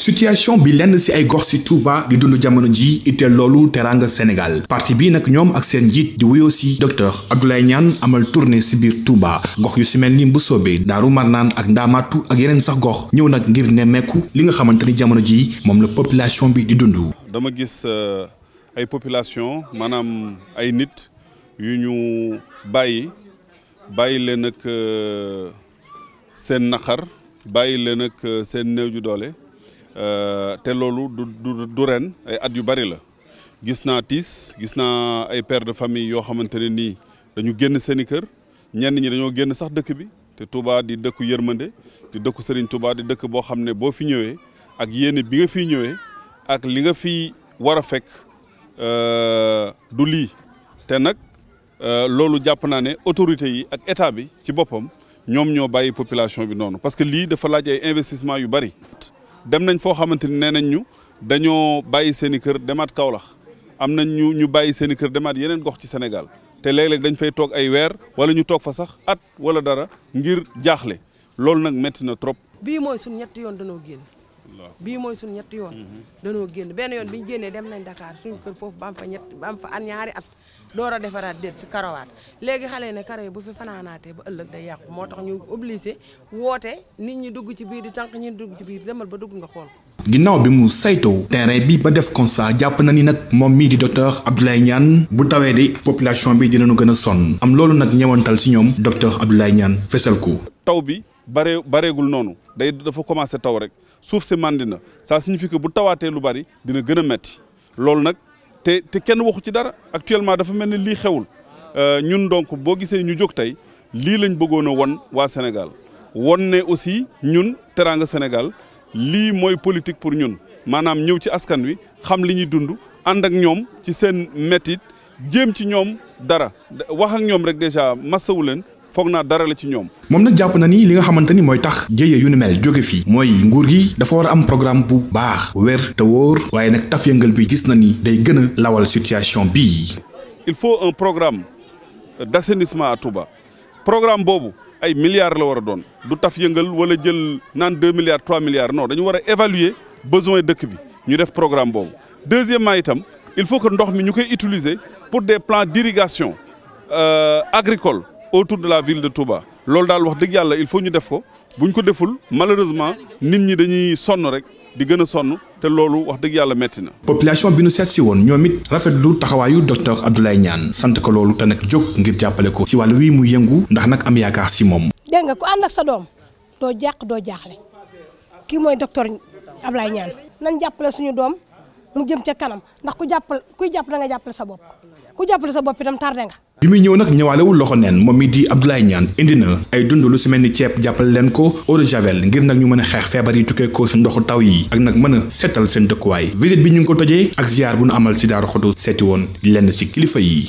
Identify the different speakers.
Speaker 1: situation bi lenn ci ay gox ci Touba di dund jamono ji itteel loolu teraanga Sénégal parti bi nag ñoom ak seen njiit di wuyoo ci docteur Abdoulaye ñaan amal tournée ci biir Touba gox yu ci mel ni Mbusoobe Daaru Marnaan ak Ndaamaatu ak yeneen sax gox ñëw nag ngir nemmeeku li nga xamante ni jamono ji moom la population bi di dund.
Speaker 2: dama gis euh, ay population maanaam ay nit yu ñu bàyyi bàyyi leen ak euh, seen naqar bàyyi leen ak euh, seen néew ju doole. Euh, te loolu du ren ay at yu bari la gis naa tiis gis naa ay pères de famille yoo xamante ne nii dañu génn seeni kër ñenn ñi dañoo génn sax dëkk bi te Touba di dëkku yërmande di dëkku Serigne Touba di dëkk boo xam ne boo fi ñëwee ak yéene bi nga fiy ñëwee ak li nga fi war a fekk euh, du lii te nag euh, loolu jàpp naa ne autorités yi ak état bi ci boppam ñoom ñoo bàyyi population bi noonu parce que lii dafa laaj ay investissement yu bari dem nañ foo xamante ni nee nañ ñu dañoo bàyyi seen i kër demaat kawlax am nañ ñu ñu bàyyi seen i kër demaat yeneen gox ci Sénégal te léeg-léeg dañ fay toog ay weer wala ñu toog fa sax at wala dara ngir jaaxle loolu nag métti na trop.
Speaker 1: bii mooy suñu ñetti yoon dañoo génn. bii mooy suñu ñetti yoon mhm. danoo génn benn yoon bi ñu génnee dem nañ dakaar suñu kër foofu ba am fa ñett ba fa an ñaari at door a defaraat def ci karawaat léegi xale ne karo bu fi fanaanaatee ba ëllëg day yàqu moo tax ñu obligé woote nit ñi dugg ci biir di tànk ñi dugg ci biir demal ba dugg nga xool ginnaaw bi mu saytoo terrain bi ba def constat jàpp na ni nag moom mii di docteur Abdoulaye ñaan bu tawee di population bi dinañu gën a sonn am loolu nag ñewantal si ñoom docteur Abdoulaye Niane fesal ko
Speaker 2: taw bi bare bareegul noonu day dafa commencé taw rek suuf si màndi na ça signifie que bu tawaatee lu bari dina gën a metti loolu nag te te kenn waxu ci dara actuellement dafa mel ni lii xewul euh, ñun donc boo gisee ñu jóg tey lii lañ bëggoon a won waa Sénégal won ne aussi ñun teraanga Sénégal lii mooy politique pour ñun maanaam ñëw ci askan wi xam li ñuy dund ànd ak ñoom ci seen mettit jéem ci ñoom dara wax ak ñoom rek déjà massawu leen foog naa dara la ci ñoom.
Speaker 1: moom nag jàpp na ni li nga xamante ni mooy tax jéye yu nu mel jóge fii mooy nguur gi dafa war a am programme bu baax wér te wóor waaye nag taf yëngal bi gis na ni day gën a lawal situation bii.
Speaker 2: il faut un programme d'assainissement à Touba programme boobu ay milliards la war a doon du taf yëngal wala jël naan deux milliards trois milliards non dañu war a évaluer besoin dëkk bi ñu def programme boobu deuxièmement itam il faut que ndox mi ñu koy utiliser pour des plans d'irrigation euh, agricole. autour de la ville de Touba loolu daal wax dëgg yàlla il faut ñu def ko bu ñu ko deful malheureusement nit ñi dañuy sonn rek di gën a sonn te loolu wax dëgg yàlla
Speaker 1: metti na. population bi nu seet si woon ñoom it rafetlu taxawaayu docteur Abdoulaye ñaan sant ko loolu te nag jóg ngir jàppale ko. si wàllu wii muy yëngu ndax nag am yaakaar si moom. dégg nga ku ànd ak sa doom doo jàq doo jaaxle kii mooy docteur Abdoulaye Niane. nañ jàppale suñu doom mu jëm ca kanam ndax ku jàppal kuy jàpp da nga jàppale sa bopp ku jàppale sa bopp itam tardé nga. bi muy ñëw nag ñëwaalewul loxo neen moom mi di Abdoulaye Niane indi na ay dund lu si ni ceeb jàppale leen ko eau de javel ngir nag ñu mën a xeex feebar yi tukkee ko si ndoxu taw yi ak nag mën a setal seen dëkkuwaay visite bi ñu ngi ko tojee ak ziar bu nu amal si Daaru Xudu seeti woon lenn si kilifa yi